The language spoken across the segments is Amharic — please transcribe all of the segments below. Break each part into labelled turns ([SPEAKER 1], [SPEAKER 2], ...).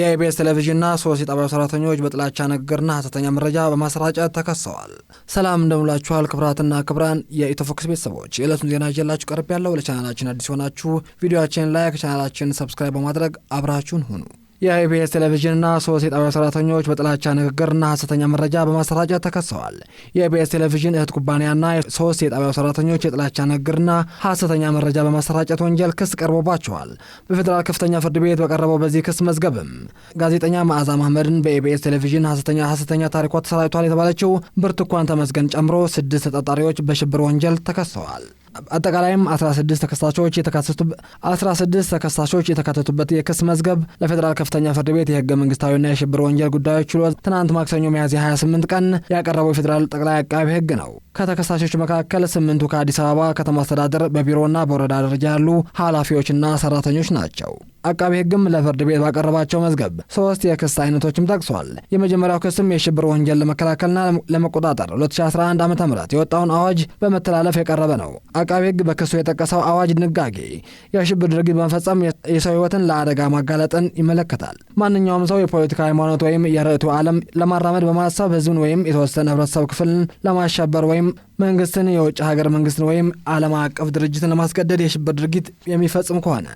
[SPEAKER 1] የኢቢኤስ ቴሌቪዥንና ሶስት የጣቢያው ሰራተኞች በጥላቻ ንግግርና ሀሰተኛ መረጃ በማሰራጨት ተከሰዋል። ሰላም እንደምላችኋል ክብራትና ክብራን የኢትዮፎክስ ቤተሰቦች የዕለቱን ዜና ይዤላችሁ ቀርብ ያለው ለቻናላችን አዲስ የሆናችሁ ቪዲዮችን ላይክ፣ ቻናላችን ሰብስክራይብ በማድረግ አብራችሁን ሁኑ። የኢቢኤስ ቴሌቪዥንና ሶስት የጣቢያ ሰራተኞች በጥላቻ ንግግርና ሀሰተኛ መረጃ በማሰራጨት ተከሰዋል። የኢቢኤስ ቴሌቪዥን እህት ኩባንያና ሶስት የጣቢያው ሰራተኞች የጥላቻ ንግግርና ሀሰተኛ መረጃ በማሰራጨት ወንጀል ክስ ቀርቦባቸዋል። በፌዴራል ከፍተኛ ፍርድ ቤት በቀረበው በዚህ ክስ መዝገብም ጋዜጠኛ መዓዛ ማህመድን በኢቢኤስ ቴሌቪዥን ሀሰተኛ ሀሰተኛ ታሪኳ ተሰራጭቷል የተባለችው ብርቱካን ተመስገን ጨምሮ ስድስት ተጠርጣሪዎች በሽብር ወንጀል ተከሰዋል። አጠቃላይም 16 ተከሳሾች የተካተቱ 16 ተከሳሾች የተካተቱበት የክስ መዝገብ ለፌዴራል ከፍተኛ ፍርድ ቤት የህገ መንግስታዊና የሽብር ወንጀል ጉዳዮች ችሎት ትናንት ማክሰኞ ሚያዝያ 28 ቀን ያቀረበው የፌዴራል ጠቅላይ አቃቢ ህግ ነው። ከተከሳሾች መካከል ስምንቱ ከአዲስ አበባ ከተማ አስተዳደር በቢሮና በወረዳ ደረጃ ያሉ ኃላፊዎችና ሰራተኞች ናቸው። አቃቢ ህግም ለፍርድ ቤት ባቀረባቸው መዝገብ ሶስት የክስ አይነቶችም ጠቅሷል። የመጀመሪያው ክስም የሽብር ወንጀል ለመከላከልና ለመቆጣጠር 2011 ዓ ም የወጣውን አዋጅ በመተላለፍ የቀረበ ነው። አቃቤ ሕግ በክሱ የጠቀሰው አዋጅ ድንጋጌ የሽብር ድርጊት በመፈጸም የሰው ሕይወትን ለአደጋ ማጋለጥን ይመለከታል። ማንኛውም ሰው የፖለቲካ ሃይማኖት ወይም የርዕቱ ዓለም ለማራመድ በማሰብ ህዝብን ወይም የተወሰነ ህብረተሰብ ክፍልን ለማሸበር ወይም መንግስትን፣ የውጭ ሀገር መንግስትን ወይም ዓለም አቀፍ ድርጅትን ለማስገደድ የሽብር ድርጊት የሚፈጽም ከሆነ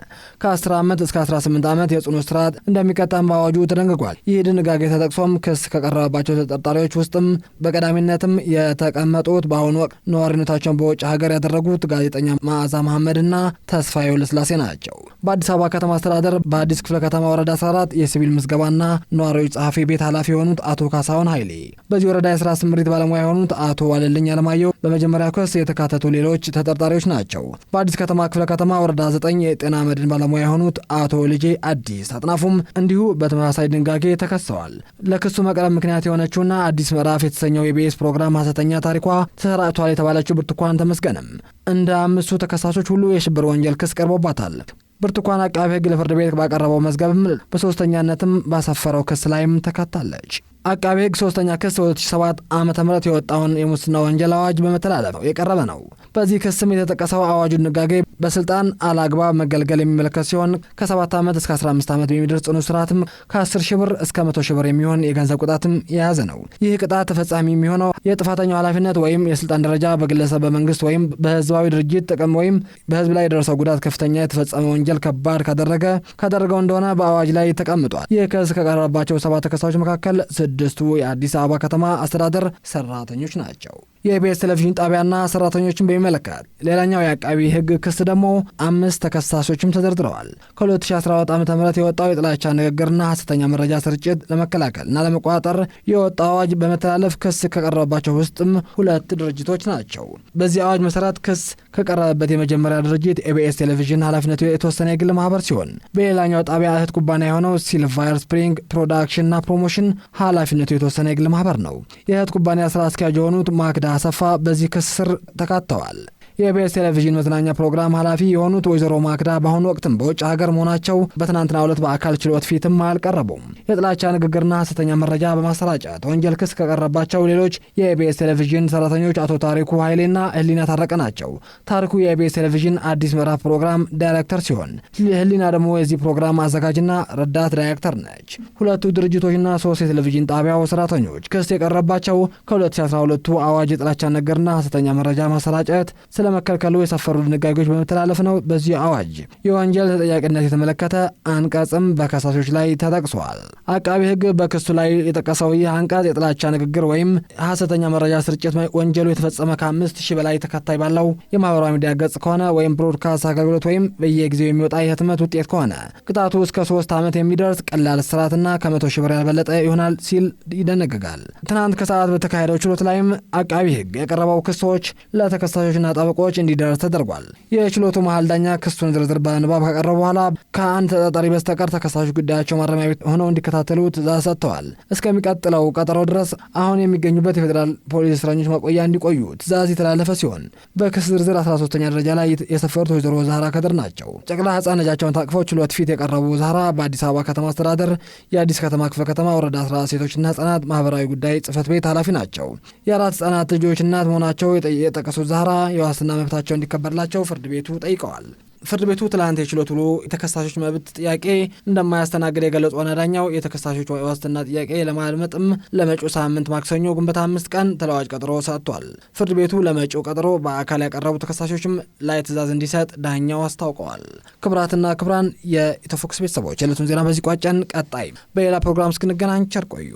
[SPEAKER 1] ከ10 ዓመት እስከ 18 ዓመት የጽኑ እስራት እንደሚቀጣም በአዋጁ ተደንግጓል። ይህ ድንጋጌ ተጠቅሶም ክስ ከቀረበባቸው ተጠርጣሪዎች ውስጥም በቀዳሚነትም የተቀመጡት በአሁኑ ወቅት ነዋሪነታቸውን በውጭ ሀገር ያደረጉት ጋዜጠኛ መዓዛ መሐመድና ተስፋዬ ወልደስላሴ ናቸው። በአዲስ አበባ ከተማ አስተዳደር በአዲስ ክፍለ ከተማ ወረዳ 14 የሲቪል ምዝገባና ነዋሪዎች ጸሐፊ ቤት ኃላፊ የሆኑት አቶ ካሳሁን ኃይሌ፣ በዚህ ወረዳ የስራ ስምሪት ባለሙያ የሆኑት አቶ ዋለልኝ አለማየሁ በመጀመሪያ ክስ የተካተቱ ሌሎች ተጠርጣሪዎች ናቸው። በአዲስ ከተማ ክፍለ ከተማ ወረዳ ዘጠኝ የጤና መድን ባለሙያ የሆኑት አቶ ልጄ አዲስ አጥናፉም እንዲሁ በተመሳሳይ ድንጋጌ ተከሰዋል። ለክሱ መቅረብ ምክንያት የሆነችውና አዲስ ምዕራፍ የተሰኘው የቤስ ፕሮግራም ሐሰተኛ ታሪኳ ተሰራጭቷል የተባለችው ብርቱካን ተመስገንም እንደ አምስቱ ተከሳሾች ሁሉ የሽብር ወንጀል ክስ ቀርቦባታል። ብርቱካን አቃቤ ህግ ለፍርድ ቤት ባቀረበው መዝገብም በሶስተኛነትም ባሰፈረው ክስ ላይም ተካታለች። አቃቢ ህግ ሶስተኛ ክስ 2007 ዓ ም የወጣውን የሙስና ወንጀል አዋጅ በመተላለፍ የቀረበ ነው። በዚህ ክስም የተጠቀሰው አዋጁ ድንጋጌ በስልጣን አላግባብ መገልገል የሚመለከት ሲሆን ከ7 ዓመት እስከ 15 ዓመት በሚደርስ ጽኑ እስራትም ከ10 ሺህ ብር እስከ 100 ሺህ ብር የሚሆን የገንዘብ ቅጣትም የያዘ ነው። ይህ ቅጣት ተፈጻሚ የሚሆነው የጥፋተኛው ኃላፊነት ወይም የስልጣን ደረጃ በግለሰብ በመንግስት ወይም በህዝባዊ ድርጅት ጥቅም ወይም በህዝብ ላይ የደረሰው ጉዳት ከፍተኛ የተፈጸመ ወንጀል ከባድ ካደረገ ካደረገው እንደሆነ በአዋጅ ላይ ተቀምጧል። ይህ ክስ ከቀረበባቸው ሰባት ተከሳዮች መካከል ስድስቱ የአዲስ አበባ ከተማ አስተዳደር ሰራተኞች ናቸው። የኢቢኤስ ቴሌቪዥን ጣቢያና ሰራተኞችን በሚመለከት ሌላኛው የአቃቢ ህግ ክስ ደግሞ አምስት ተከሳሾችም ተደርድረዋል። ከ2014 ዓ ም የወጣው የጥላቻ ንግግርና ሐሰተኛ መረጃ ስርጭት ለመከላከል እና ለመቆጣጠር የወጣ አዋጅ በመተላለፍ ክስ ከቀረበባቸው ውስጥም ሁለት ድርጅቶች ናቸው። በዚህ አዋጅ መሰረት ክስ ከቀረበበት የመጀመሪያ ድርጅት ኤቢኤስ ቴሌቪዥን ኃላፊነቱ የተወሰነ የግል ማህበር ሲሆን በሌላኛው ጣቢያ እህት ኩባንያ የሆነው ሲልቫየር ስፕሪንግ ፕሮዳክሽንና ፕሮሞሽን ኃላፊነቱ የተወሰነ የግል ማህበር ነው። የእህት ኩባንያ ስራ አስኪያጅ የሆኑት ማክዳ አሰፋ በዚህ ክስ ስር ተካተዋል። የኢቢኤስ ቴሌቪዥን መዝናኛ ፕሮግራም ኃላፊ የሆኑት ወይዘሮ ማክዳ በአሁኑ ወቅትም በውጭ ሀገር መሆናቸው በትናንትናው ዕለት በአካል ችሎት ፊትም አልቀረቡም። የጥላቻ ንግግርና ሐሰተኛ መረጃ በማሰራጨት ወንጀል ክስ ከቀረባቸው ሌሎች የኢቢኤስ ቴሌቪዥን ሰራተኞች አቶ ታሪኩ ኃይሌና ህሊና ታረቀ ናቸው። ታሪኩ የኢቢኤስ ቴሌቪዥን አዲስ ምዕራፍ ፕሮግራም ዳይሬክተር ሲሆን ህሊና ደግሞ የዚህ ፕሮግራም አዘጋጅና ረዳት ዳይሬክተር ነች። ሁለቱ ድርጅቶችና ሶስት የቴሌቪዥን ጣቢያው ሰራተኞች ክስ የቀረባቸው ከ2012 አዋጅ የጥላቻ ንግግርና ሐሰተኛ መረጃ ማሰራጨት፣ ስለመከልከሉ የሰፈሩ ድንጋጌዎች በመተላለፍ ነው በዚህ አዋጅ የወንጀል ተጠያቂነት የተመለከተ አንቀጽም በከሳሾች ላይ ተጠቅሷል። አቃቢ ሕግ በክሱ ላይ የጠቀሰው ይህ አንቀጽ የጥላቻ ንግግር ወይም ሐሰተኛ መረጃ ስርጭት ወንጀሉ የተፈጸመ ከአምስት ሺህ በላይ ተከታይ ባለው የማህበራዊ ሚዲያ ገጽ ከሆነ ወይም ብሮድካስት አገልግሎት ወይም በየጊዜው የሚወጣ የህትመት ውጤት ከሆነ ቅጣቱ እስከ ሶስት ዓመት የሚደርስ ቀላል እስራትና ከመቶ ሺህ ብር ያልበለጠ ይሆናል ሲል ይደነግጋል። ትናንት ከሰዓት በተካሄደው ችሎት ላይም አቃቢ ሕግ የቀረበው ክሶች ለተከሳሾችና ጠበቆ ጠበቆች እንዲደርስ ተደርጓል። የችሎቱ መሀል ዳኛ ክሱን ዝርዝር በንባብ ካቀረቡ በኋላ ከአንድ ተጠርጣሪ በስተቀር ተከሳሽ ጉዳያቸው ማረሚያ ቤት ሆነው እንዲከታተሉ ትእዛዝ ሰጥተዋል። እስከሚቀጥለው ቀጠሮ ድረስ አሁን የሚገኙበት የፌዴራል ፖሊስ እስረኞች መቆያ እንዲቆዩ ትእዛዝ የተላለፈ ሲሆን በክስ ዝርዝር 13ኛ ደረጃ ላይ የሰፈሩት ወይዘሮ ዛህራ ከድር ናቸው። ጨቅላ ሕፃን ልጃቸውን ታቅፈው ችሎት ፊት የቀረቡ ዛህራ በአዲስ አበባ ከተማ አስተዳደር የአዲስ ከተማ ክፍለ ከተማ ወረዳ ስራ ሴቶችና ህጻናት ማህበራዊ ጉዳይ ጽህፈት ቤት ኃላፊ ናቸው። የአራት ህጻናት ልጆች እናት መሆናቸው የጠቀሱት ዛህራ የዋስ የዋስትና መብታቸው እንዲከበርላቸው ፍርድ ቤቱ ጠይቀዋል። ፍርድ ቤቱ ትላንት የችሎት ውሎ የተከሳሾች መብት ጥያቄ እንደማያስተናግድ የገለጹ ዋና ዳኛው የተከሳሾች ዋስትና ጥያቄ ለማድመጥም ለመጪው ሳምንት ማክሰኞ ግንቦት አምስት ቀን ተለዋጭ ቀጠሮ ሰጥቷል። ፍርድ ቤቱ ለመጪው ቀጠሮ በአካል ያቀረቡ ተከሳሾችም ላይ ትዕዛዝ እንዲሰጥ ዳኛው አስታውቀዋል። ክብራትና ክብራን የኢትዮፎክስ ቤተሰቦች የዕለቱን ዜና በዚህ ቋጨን። ቀጣይ በሌላ ፕሮግራም እስክንገናኝ ቸር ቆዩ።